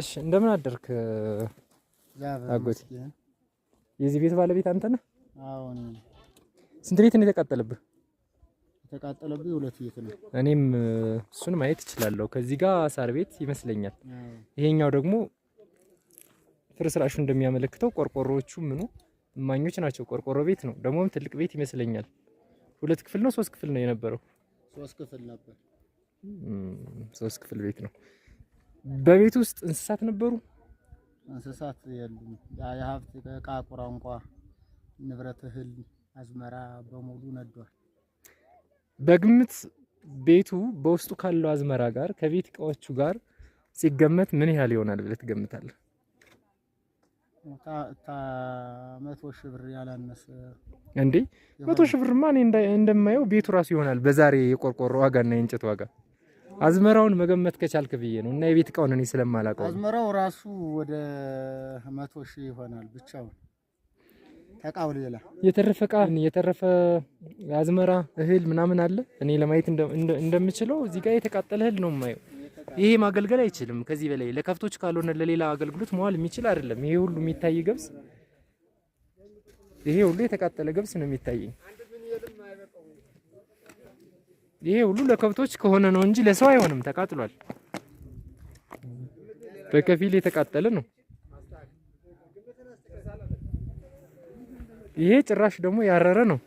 እሺ እንደምን አደርክ አጎቴ? የዚህ ቤት ባለቤት አንተ ነህ? አዎ። ስንት ቤት ነው የተቃጠለብህ? የተቃጠለብህ ሁለት ቤት ነው። እኔም እሱን ማየት እችላለሁ። ከዚህ ጋር ሳር ቤት ይመስለኛል። ይሄኛው ደግሞ ፍርስራሹ እንደሚያመለክተው ቆርቆሮዎቹ ምኑ እማኞች ናቸው። ቆርቆሮ ቤት ነው፣ ደግሞም ትልቅ ቤት ይመስለኛል። ሁለት ክፍል ነው ሶስት ክፍል ነው የነበረው? ሶስት ክፍል ነበር። ሶስት ክፍል ቤት ነው። በቤት ውስጥ እንስሳት ነበሩ? እንስሳት የሉም። የሀብት ዕቃ ቁራንቋ፣ ንብረት፣ እህል፣ አዝመራ በሙሉ ነዷል። በግምት ቤቱ በውስጡ ካለው አዝመራ ጋር ከቤት እቃዎቹ ጋር ሲገመት ምን ያህል ይሆናል ብለህ ትገምታለህ? መቶ ሺህ ብር ያላነሰ እንዴ? መቶ ሺህ ብርማ እኔ እንደማየው ቤቱ ራሱ ይሆናል በዛሬ የቆርቆሮ ዋጋ እና የእንጨት ዋጋ አዝመራውን መገመት ከቻልክ ብዬ ነው። እና የቤት እቃውን እኔ ስለማላውቀው አዝመራው ራሱ ወደ መቶ ሺህ ይሆናል ብቻውን ተቃው ሌላ የተረፈ እቃ የተረፈ አዝመራ እህል ምናምን አለ። እኔ ለማየት እንደምችለው እዚህ ጋር የተቃጠለ እህል ነው የማየው። ይሄ ማገልገል አይችልም ከዚህ በላይ ለከብቶች ካልሆነ ለሌላ አገልግሎት መዋል የሚችል አይደለም። ይሄ ሁሉ የሚታይ ገብስ፣ ይሄ ሁሉ የተቃጠለ ገብስ ነው የሚታየኝ። ይሄ ሁሉ ለከብቶች ከሆነ ነው እንጂ ለሰው አይሆንም። ተቃጥሏል። በከፊል የተቃጠለ ነው። ይሄ ጭራሽ ደግሞ ያረረ ነው።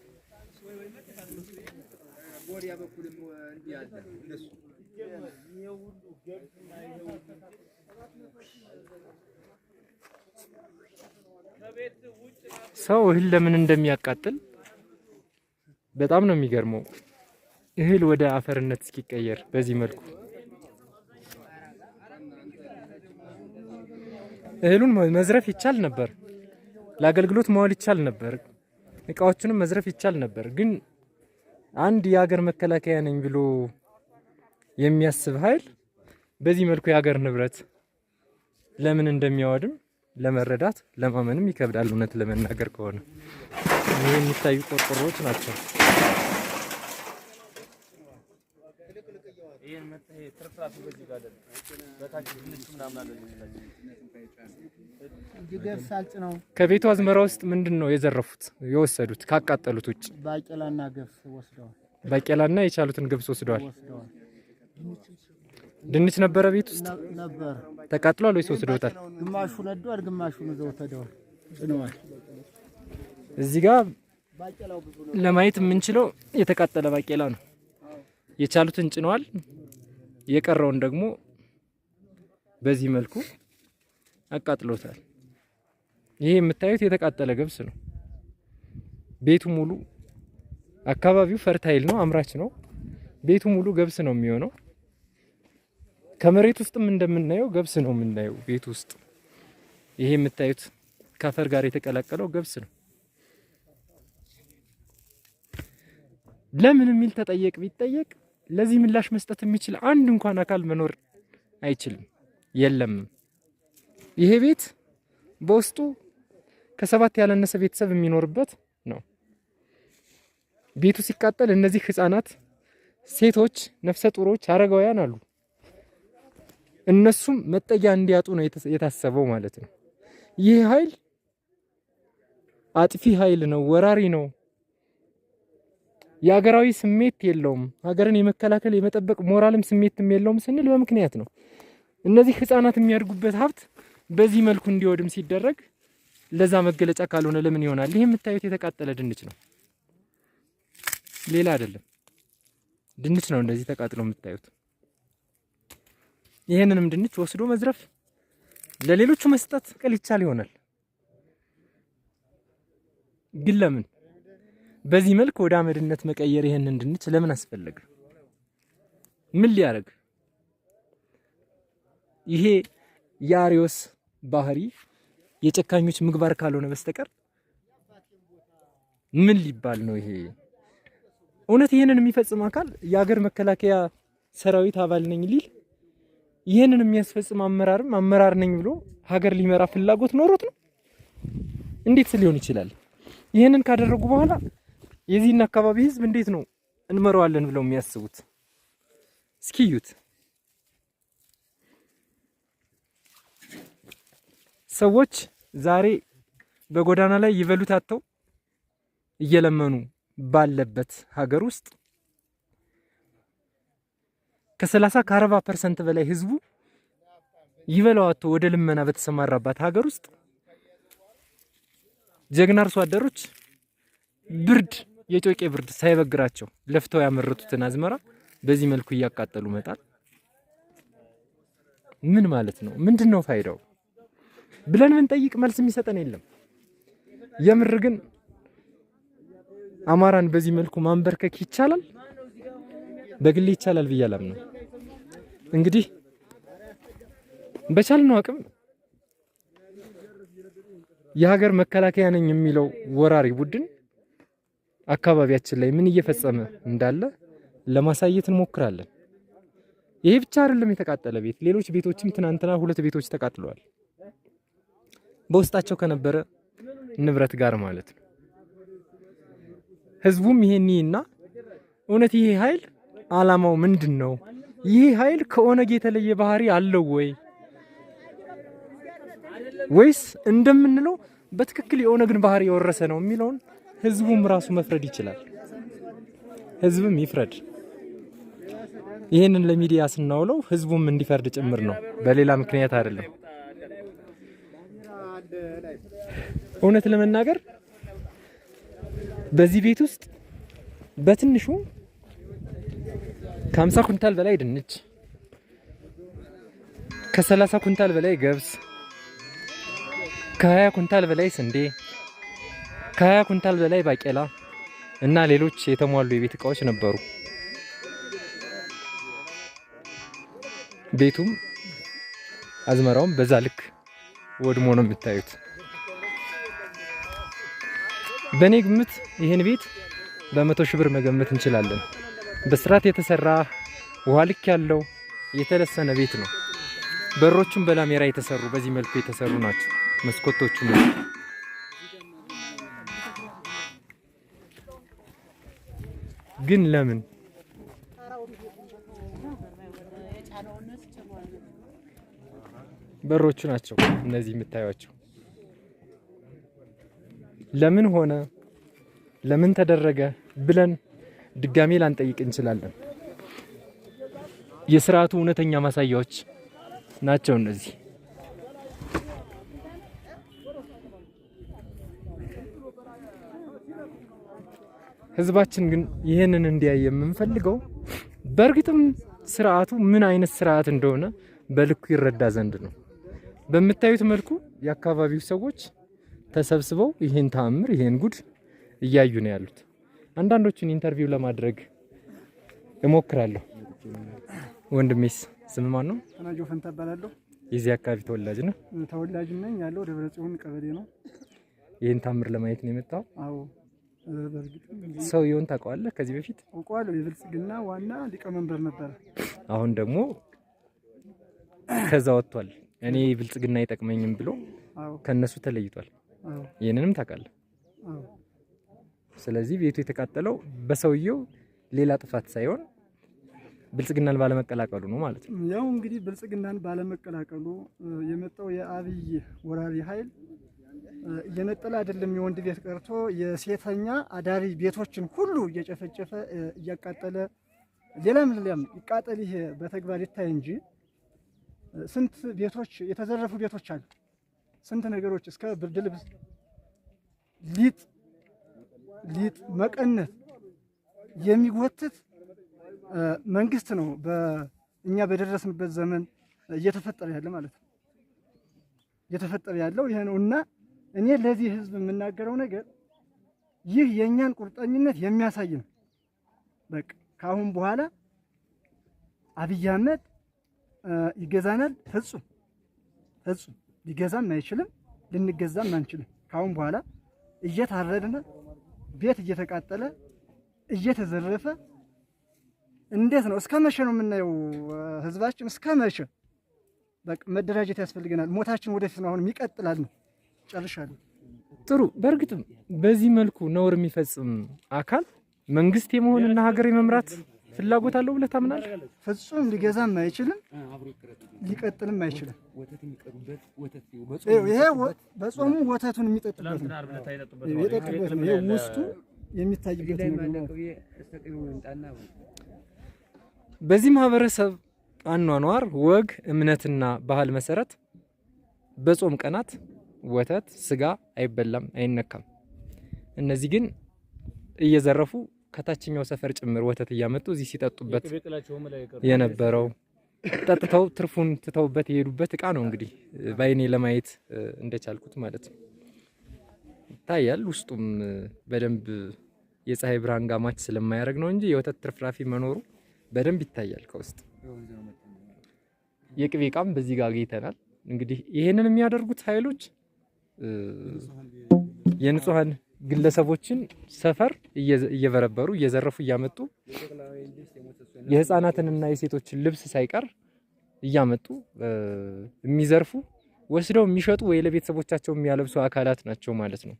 ሰው እህል ለምን እንደሚያቃጥል በጣም ነው የሚገርመው። እህል ወደ አፈርነት እስኪቀየር በዚህ መልኩ እህሉን መዝረፍ ይቻል ነበር፣ ለአገልግሎት መዋል ይቻል ነበር፣ እቃዎቹንም መዝረፍ ይቻል ነበር። ግን አንድ የሀገር መከላከያ ነኝ ብሎ የሚያስብ ኃይል በዚህ መልኩ የሀገር ንብረት ለምን እንደሚያወድም ለመረዳት ለማመንም ይከብዳል። እውነት ለመናገር ከሆነ ይህ የሚታዩ ቆርቆሮዎች ናቸው። ይሄን መተህ ትርፍራፍ በዚህ ጋር አይደል? በታች ድንች ምናምን አለ። ከቤቱ አዝመራ ውስጥ ምንድን ነው የዘረፉት የወሰዱት ካቃጠሉት ውጭ? ባቄላና ገብስ ወስደዋል። ባቄላና የቻሉትን ገብስ ወስደዋል። ድንች ነበረ ቤት ውስጥ ነበር። ተቃጥሏል ወይስ ወስደውታል? ግማሹ ነዷል፣ ግማሹ ነው ተደዋል ጭነዋል። እዚህ ጋር ለማየት የምንችለው የተቃጠለ ባቄላ ነው። የቻሉትን ጭነዋል። የቀረውን ደግሞ በዚህ መልኩ አቃጥሎታል። ይሄ የምታዩት የተቃጠለ ገብስ ነው። ቤቱ ሙሉ አካባቢው ፈርታይል ነው፣ አምራች ነው። ቤቱ ሙሉ ገብስ ነው የሚሆነው። ከመሬት ውስጥም እንደምናየው ገብስ ነው የምናየው ቤት ውስጥ። ይሄ የምታዩት ከአፈር ጋር የተቀላቀለው ገብስ ነው። ለምን የሚል ተጠየቅ ቢጠየቅ ለዚህ ምላሽ መስጠት የሚችል አንድ እንኳን አካል መኖር አይችልም፣ የለም። ይሄ ቤት በውስጡ ከሰባት ያላነሰ ቤተሰብ የሚኖርበት ነው። ቤቱ ሲቃጠል እነዚህ ህፃናት፣ ሴቶች፣ ነፍሰ ጡሮች፣ አረጋውያን አሉ። እነሱም መጠጊያ እንዲያጡ ነው የታሰበው ማለት ነው። ይህ ኃይል አጥፊ ኃይል ነው፣ ወራሪ ነው። የሀገራዊ ስሜት የለውም፣ ሀገርን የመከላከል የመጠበቅ ሞራልም ስሜትም የለውም ስንል በምክንያት ነው። እነዚህ ህጻናት የሚያድጉበት ሀብት በዚህ መልኩ እንዲወድም ሲደረግ ለዛ መገለጫ ካልሆነ ለምን ይሆናል? ይህ የምታዩት የተቃጠለ ድንች ነው፣ ሌላ አይደለም። ድንች ነው እንደዚህ ተቃጥሎ የምታዩት። ይህንንም ድንች ወስዶ መዝረፍ፣ ለሌሎቹ መስጠት ቅል ይቻል ይሆናል ግን ለምን በዚህ መልክ ወደ አመድነት መቀየር ይሄን እንድንች ለምን አስፈለገ? ምን ሊያደርግ? ይሄ የአሪዮስ ባህሪ የጨካኞች ምግባር ካልሆነ በስተቀር ምን ሊባል ነው ይሄ? እውነት ይህንን የሚፈጽም አካል የሀገር መከላከያ ሰራዊት አባል ነኝ ሊል ይህንን የሚያስፈጽም አመራርም አመራር ነኝ ብሎ ሀገር ሊመራ ፍላጎት ኖሮት ነው? እንዴት ሊሆን ይችላል? ይህንን ካደረጉ በኋላ የዚህን አካባቢ ህዝብ እንዴት ነው እንመራዋለን ብለው የሚያስቡት? ስኪዩት ሰዎች ዛሬ በጎዳና ላይ ይበሉት አጥተው እየለመኑ ባለበት ሀገር ውስጥ ከ30 ከ40 ፐርሰንት በላይ ህዝቡ ይበላው አጥቶ ወደ ልመና በተሰማራባት ሀገር ውስጥ ጀግና አርሶ አደሮች ብርድ የጮቄ ብርድ ሳይበግራቸው ለፍተው ያመረቱትን አዝመራ በዚህ መልኩ እያቃጠሉ መጣል ምን ማለት ነው? ምንድን ነው ፋይዳው ብለን ብንጠይቅ መልስ የሚሰጠን የለም። የምር ግን አማራን በዚህ መልኩ ማንበርከክ ይቻላል? በግሌ ይቻላል ብዬ አላምንም። እንግዲህ በቻልነው አቅም የሀገር መከላከያ ነኝ የሚለው ወራሪ ቡድን አካባቢያችን ላይ ምን እየፈጸመ እንዳለ ለማሳየት እንሞክራለን። ይሄ ብቻ አይደለም የተቃጠለ ቤት፣ ሌሎች ቤቶችም ትናንትና ሁለት ቤቶች ተቃጥለዋል፣ በውስጣቸው ከነበረ ንብረት ጋር ማለት ነው። ህዝቡም ይሄን እና እውነት ይሄ ኃይል አላማው ምንድን ነው? ይህ ኃይል ከኦነግ የተለየ ባህሪ አለው ወይ ወይስ እንደምንለው በትክክል የኦነግን ባህሪ የወረሰ ነው የሚለውን ህዝቡም ራሱ መፍረድ ይችላል። ህዝብም ይፍረድ። ይህንን ለሚዲያ ስናውለው ህዝቡም እንዲፈርድ ጭምር ነው፣ በሌላ ምክንያት አይደለም። እውነት ለመናገር በዚህ ቤት ውስጥ በትንሹ ከ50 ኩንታል በላይ ድንች፣ ከ30 ኩንታል በላይ ገብስ፣ ከ20 ኩንታል በላይ ስንዴ ከሀያ ኩንታል በላይ ባቄላ እና ሌሎች የተሟሉ የቤት እቃዎች ነበሩ። ቤቱም አዝመራውም በዛ ልክ ወድሞ ነው የምታዩት። በእኔ ግምት ይህን ቤት በመቶ ሺህ ብር መገመት እንችላለን። በስርዓት የተሰራ ውሃ ልክ ያለው የተለሰነ ቤት ነው። በሮቹም በላሜራ የተሰሩ በዚህ መልኩ የተሰሩ ናቸው መስኮቶቹም ግን ለምን በሮቹ ናቸው እነዚህ የምታዩቸው? ለምን ሆነ ለምን ተደረገ ብለን ድጋሜ ላንጠይቅ እንችላለን። የስርዓቱ እውነተኛ ማሳያዎች ናቸው እነዚህ። ህዝባችን ግን ይህንን እንዲያይ የምንፈልገው በእርግጥም ስርዓቱ ምን አይነት ስርዓት እንደሆነ በልኩ ይረዳ ዘንድ ነው። በምታዩት መልኩ የአካባቢው ሰዎች ተሰብስበው ይህን ተአምር ይህን ጉድ እያዩ ነው ያሉት። አንዳንዶቹን ኢንተርቪው ለማድረግ እሞክራለሁ። ወንድሜስ ስም ማን ነው? ተናጆ ፈንታ እባላለሁ። የዚህ አካባቢ ተወላጅ ነው? ተወላጅ ነኝ። ያለው ደብረ ጽዮን ቀበሌ ነው። ይህን ታምር ለማየት ነው የመጣው? አዎ። ሰውየውን ታውቀዋለህ? ከዚህ በፊት አውቀዋለሁ። የብልጽግና ዋና ሊቀመንበር ነበረ። አሁን ደግሞ ከዛ ወጥቷል። እኔ ብልጽግና አይጠቅመኝም ብሎ ከነሱ ተለይቷል። ይህንንም ታውቃለህ። ስለዚህ ቤቱ የተቃጠለው በሰውየው ሌላ ጥፋት ሳይሆን ብልጽግናን ባለመቀላቀሉ ነው ማለት ነው። ያው እንግዲህ ብልጽግናን ባለመቀላቀሉ የመጣው የአብይ ወራሪ ኃይል እየነጠለ አይደለም የወንድ ቤት ቀርቶ የሴተኛ አዳሪ ቤቶችን ሁሉ እየጨፈጨፈ እያቃጠለ ሌላም ሌላም ይቃጠል። ይሄ በተግባር ይታይ እንጂ ስንት ቤቶች የተዘረፉ ቤቶች አሉ። ስንት ነገሮች እስከ ብርድ ልብስ፣ ሊጥ ሊጥ መቀነት የሚጎትት መንግስት ነው በእኛ በደረስንበት ዘመን እየተፈጠረ ያለ ማለት ነው። እየተፈጠረ ያለው ይሄ ነው እና እኔ ለዚህ ህዝብ የምናገረው ነገር ይህ የእኛን ቁርጠኝነት የሚያሳይ ነው። በቃ ከአሁን በኋላ አብይ አህመድ ይገዛናል? ፍጹም ፍጹም ሊገዛም አይችልም፣ ልንገዛም አንችልም። ከአሁን በኋላ እየታረድን ቤት እየተቃጠለ እየተዘረፈ እንዴት ነው? እስከ መቼ ነው የምናየው? ህዝባችን እስከ መቼ በቃ መደራጀት ያስፈልገናል። ሞታችን ወደፊት ነው፣ አሁን የሚቀጥላል ነው ጨርሻለሁ። ጥሩ። በእርግጥም በዚህ መልኩ ነውር የሚፈጽም አካል መንግስት የመሆንና ሀገር የመምራት ፍላጎት አለው ብለህ ታምናለህ? ፍጹም። ሊገዛም አይችልም፣ ሊቀጥልም አይችልም። ይሄ በጾሙ ወተቱን የሚጠጥበት ነው የሚጠጡበት ነው። ይሄ ውስጡ የሚታይበት ነው። በዚህ ማህበረሰብ አኗኗር፣ ወግ፣ እምነትና ባህል መሰረት በጾም ቀናት ወተት፣ ስጋ አይበላም፣ አይነካም። እነዚህ ግን እየዘረፉ ከታችኛው ሰፈር ጭምር ወተት እያመጡ እዚህ ሲጠጡበት የነበረው ጠጥተው ትርፉን ትተውበት የሄዱበት እቃ ነው። እንግዲህ በአይኔ ለማየት እንደቻልኩት ማለት ነው። ይታያል። ውስጡም በደንብ የፀሐይ ብርሃን ጋር ማች ስለማያደርግ ነው እንጂ የወተት ትርፍራፊ መኖሩ በደንብ ይታያል ከውስጥ። የቅቤ እቃም በዚህ ጋር አግኝተናል። እንግዲህ ይሄንን የሚያደርጉት ኃይሎች የንጹሐን ግለሰቦችን ሰፈር እየበረበሩ እየዘረፉ እያመጡ የህፃናትንና የሴቶችን ልብስ ሳይቀር እያመጡ የሚዘርፉ ወስደው የሚሸጡ ወይ ለቤተሰቦቻቸው የሚያለብሱ አካላት ናቸው ማለት ነው።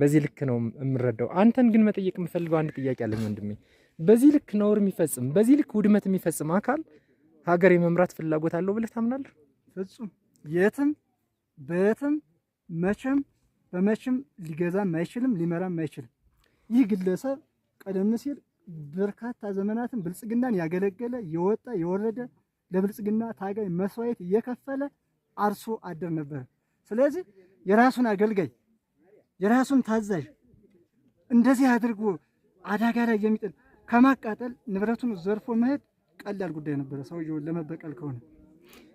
በዚህ ልክ ነው የምረዳው። አንተን ግን መጠየቅ የምፈልገው አንድ ጥያቄ አለኝ ወንድሜ። በዚህ ልክ ነውር የሚፈጽም በዚህ ልክ ውድመት የሚፈጽም አካል ሀገር የመምራት ፍላጎት አለው ብለህ ታምናለህ? ፍጹም የትም በየትም መቼም በመቼም ሊገዛም አይችልም፣ ሊመራም አይችልም። ይህ ግለሰብ ቀደም ሲል በርካታ ዘመናትን ብልጽግናን ያገለገለ የወጣ የወረደ ለብልጽግና ታጋይ መስዋዕት እየከፈለ አርሶ አደር ነበር። ስለዚህ የራሱን አገልጋይ የራሱን ታዛዥ እንደዚህ አድርጎ አደጋ ላይ የሚጥል ከማቃጠል ንብረቱን ዘርፎ መሄድ ቀላል ጉዳይ ነበረ፣ ሰውየውን ለመበቀል ከሆነ።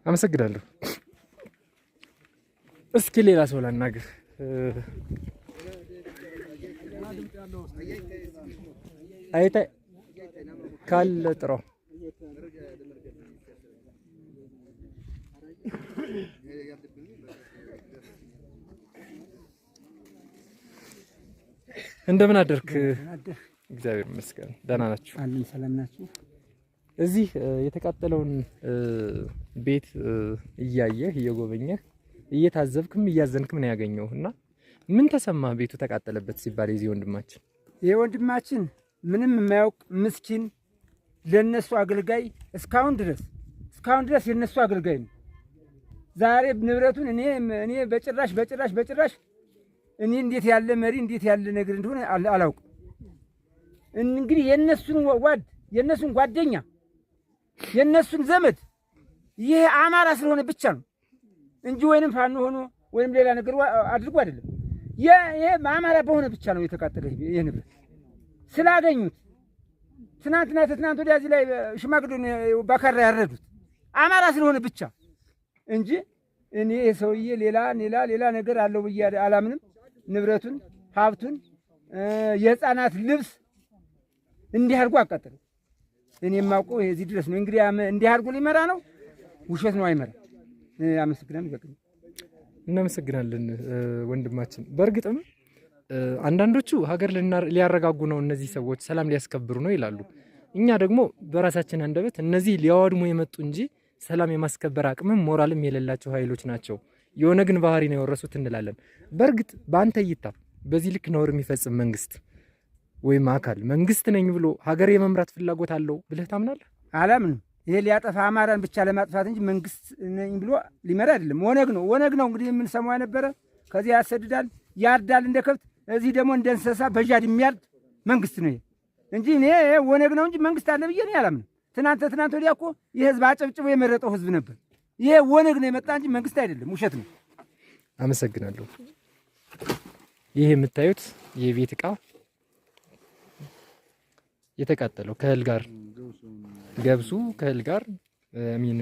አመሰግናለሁ። እስኪ ሌላ ሰው ላናግር። አይተ ካለ ጥሮ እንደምን አደርክ? እግዚአብሔር ይመስገን ደህና ናችሁ? አለን ሰላም ናችሁ? እዚህ የተቃጠለውን ቤት እያየህ እየጎበኘህ እየታዘብክም እያዘንክም ነው ያገኘው እና ምን ተሰማ ቤቱ ተቃጠለበት ሲባል የዚህ ወንድማችን ይህ ወንድማችን ምንም የማያውቅ ምስኪን ለነሱ አገልጋይ እስካሁን ድረስ እስካሁን ድረስ የነሱ አገልጋይ ነው። ዛሬ ንብረቱን እኔ እኔ በጭራሽ በጭራሽ በጭራሽ እኔ እንዴት ያለ መሪ እንዴት ያለ ነገር እንደሆነ አላውቅም። እንግዲህ የነሱን ዋድ የነሱን ጓደኛ የነሱን ዘመድ ይሄ አማራ ስለሆነ ብቻ ነው እንጂ ወይንም ፋኖ ሆኖ ወይንም ሌላ ነገር አድርጎ አይደለም። ይሄ አማራ በሆነ ብቻ ነው የተቃጠለ ይህ ንብረት ስላገኙት። ትናንትና ትናንት ወዲያ እዚህ ላይ ሽማግሌን ባካራ ያረዱት አማራ ስለሆነ ብቻ እንጂ እኔ ሰውዬ ሌላ ሌላ ሌላ ነገር አለው ብዬ አላምንም። ንብረቱን፣ ሀብቱን፣ የህፃናት ልብስ እንዲህ አድርጎ አቃጠለ። እኔ የማውቀው እዚህ ድረስ ነው። እንግዲህ እንዲህ አድርጎ ሊመራ ነው። ውሸት ነው አይመራም። አመሰግናለሁ። በቃ እናመሰግናለን ወንድማችን። በእርግጥም አንዳንዶቹ ሀገር ሊያረጋጉ ነው፣ እነዚህ ሰዎች ሰላም ሊያስከብሩ ነው ይላሉ። እኛ ደግሞ በራሳችን አንደበት እነዚህ ሊያወድሙ የመጡ እንጂ ሰላም የማስከበር አቅምም ሞራልም የሌላቸው ኃይሎች ናቸው፣ የኦነግን ባህሪ ነው የወረሱት እንላለን። በእርግጥ በአንተ እይታ በዚህ ልክ ነውር የሚፈጽም መንግስት ወይም አካል መንግስት ነኝ ብሎ ሀገር የመምራት ፍላጎት አለው ብለህ ታምናለህ? አላምንም። ይሄ ሊያጠፋ አማራን ብቻ ለማጥፋት እንጂ መንግስት ነኝ ብሎ ሊመራ አይደለም። ወነግ ነው ወነግ ነው እንግዲህ የምንሰማው የነበረ ከዚህ ያሰድዳል፣ ያርዳል እንደ ከብት፣ እዚህ ደግሞ እንደ እንስሳ በዣድ የሚያርድ መንግስት ነው እንጂ እኔ ወነግ ነው እንጂ መንግስት አለ ብዬ ነው ያላምንም። ትናንተ ትናንተ ወዲያ እኮ ይህ ህዝብ አጨብጭቦ የመረጠው ህዝብ ነበር። ይሄ ወነግ ነው የመጣ እንጂ መንግስት አይደለም። ውሸት ነው። አመሰግናለሁ። ይህ የምታዩት የቤት እቃ የተቃጠለው ከእህል ጋር ገብሱ ከእህል ጋር ሚን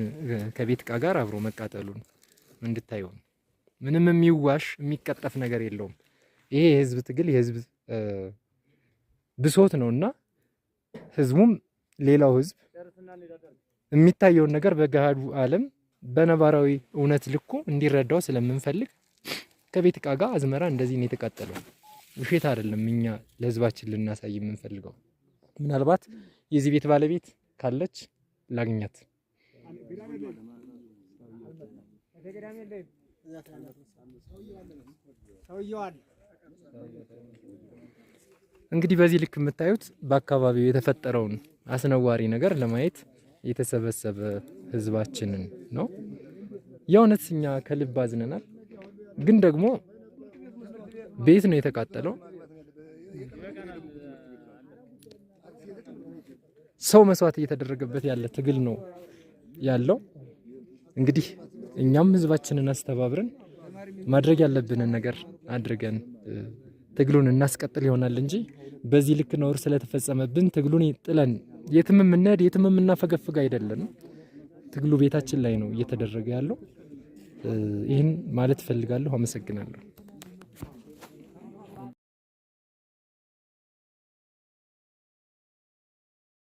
ከቤት እቃ ጋር አብሮ መቃጠሉን እንድታዩ ምንም የሚዋሽ የሚቀጠፍ ነገር የለውም። ይሄ የህዝብ ትግል የህዝብ ብሶት ነውና ህዝቡም ሌላው ህዝብ የሚታየውን ነገር በገሃዱ ዓለም በነባራዊ እውነት ልኩ እንዲረዳው ስለምንፈልግ ከቤት እቃ ጋር አዝመራ እንደዚህ ነው የተቃጠለው። ውሸት አይደለም። እኛ ለህዝባችን ልናሳይ የምንፈልገው ምናልባት የዚህ ቤት ባለቤት ካለች ላግኛት። እንግዲህ በዚህ ልክ የምታዩት በአካባቢው የተፈጠረውን አስነዋሪ ነገር ለማየት የተሰበሰበ ህዝባችንን ነው። የእውነት እኛ ከልብ አዝነናል። ግን ደግሞ ቤት ነው የተቃጠለው። ሰው መስዋዕት እየተደረገበት ያለ ትግል ነው ያለው። እንግዲህ እኛም ህዝባችንን አስተባብረን ማድረግ ያለብንን ነገር አድርገን ትግሉን እናስቀጥል ይሆናል እንጂ በዚህ ልክ ነውር ስለተፈጸመብን ትግሉን ጥለን የትም የምንሄድ የትም የምናፈገፍግ አይደለም። ትግሉ ቤታችን ላይ ነው እየተደረገ ያለው። ይህን ማለት እፈልጋለሁ። አመሰግናለሁ።